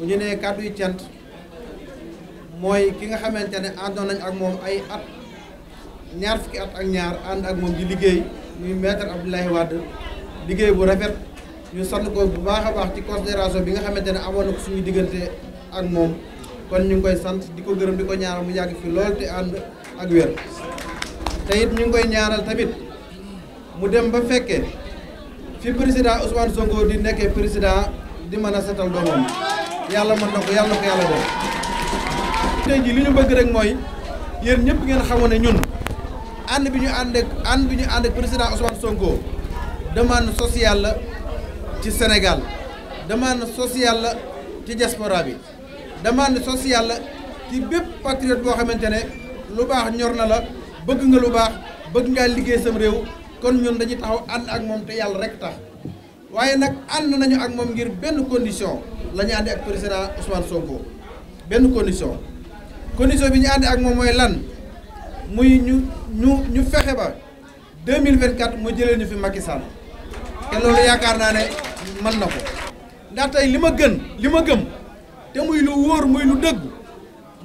bu ñu nee kàddu yu mooy ki nga xamante ne àndoon nañ ak moom ay at ñaar fukki at ak ñaar ànd ak moom di liggéey muy maître Abdoulaye Wade liggéey bu rafet ñu sant ko bu baax a baax ci considération bi nga xamante ne amoon na ko suñu diggante ak moom kon ñu ngi koy sant di ko gërëm di ko ñaaral mu yàgg fi lool te ànd ak wér te it ñu ngi koy ñaaral tamit mu dem ba fekkee fi président Ousmane Sonko di nekkee président di mën a setal doomam yàlla mën na yàlla na ko yàlla def tey jii li ñu bëgg rek mooy yéen ñëpp ngeen xamoon ne ñun ànd bi ñu ànd ak ànd bi ñu ànd ak président Ousmane Sonko demande sociale la ci Sénégal demande sociale la ci diaspora bi demande sociale la ci bépp patriote boo xamante ne lu baax ñor na la bëgg nga lu baax bëgg ngaa liggéey sam réew kon ñun dañuy taxaw ànd ak moom te yàlla rek tax waaye nag ànd nañu ak moom ngir benn condition la ñu ak président Ousmane Sonko benn condition condition bi ñu àndee ak moom mooy lan muy ñu ñu ñu fexe ba 2024 mu jëlee ñu fi Macky Sall te loolu yaakaar naa ne man na ko ndax li ma gën li ma gëm te muy lu wóor muy lu dëggu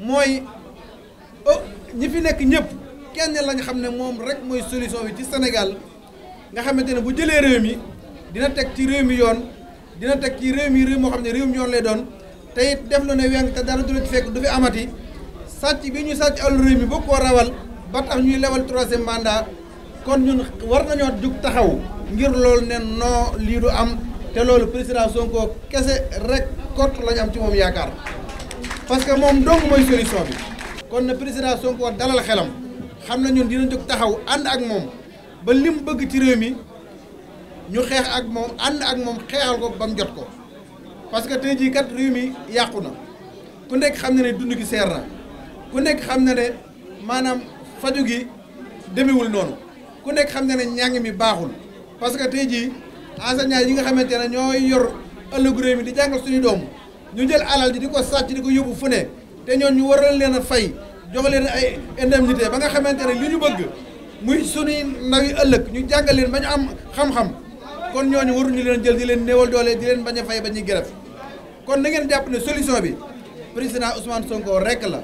mooy ñi fi nekk ñëpp kenn lañ xam ne moom rek mooy solution bi ci senegal nga xamante ne bu jëlee réew mi dina teg ci réew mi yoon. dina teg ci réew mi réew moo xam ne réew mi yoon lay doon te it def lu ne weng te dara du la ci fekk du fi amati sàcc bi ñu sàcc àll réew mi boo ko rawal ba tax ñuy lewal troisième mandat kon ñun war nañoo jug taxaw ngir loolu ne non lii du am te loolu président Sonko kese rek kott lañu am ci moom yaakaar que moom dong mooy solution bi kon na président Sonko dalal xelam xam na ñun dina jóg taxaw ànd ak moom ba li mu bëgg ci réew mi. ñu xeex ak moom ànd ak moom xeexal ko bam jot ko parce que tey jii kat réew mi yàqu na ku nekk xam na ne dund gi seer na ku nekk xam na ne maanaam faju gi demewul noonu ku nekk xam na ne ñàng mi baaxul parce que tey jii ñaar yi nga xamante ne ñooy yor ëllëgu réew mi di jàngal suñu doom ñu jël alal ji di ko sàcc di ko yóbbu fu ne te ñoon ñu waroon leen a fay jox leen ay indemnité ba nga xamante ne li ñu bëgg muy suñuy ndaw yi ëllëg ñu jàngal leen ba am xam kon ñooñu waruñu leen jël di leen néewal doole di leen bañ a fay ba ñuy gërëf kon na ngeen jàpp ne solution bi président Ousmane Sonko rek la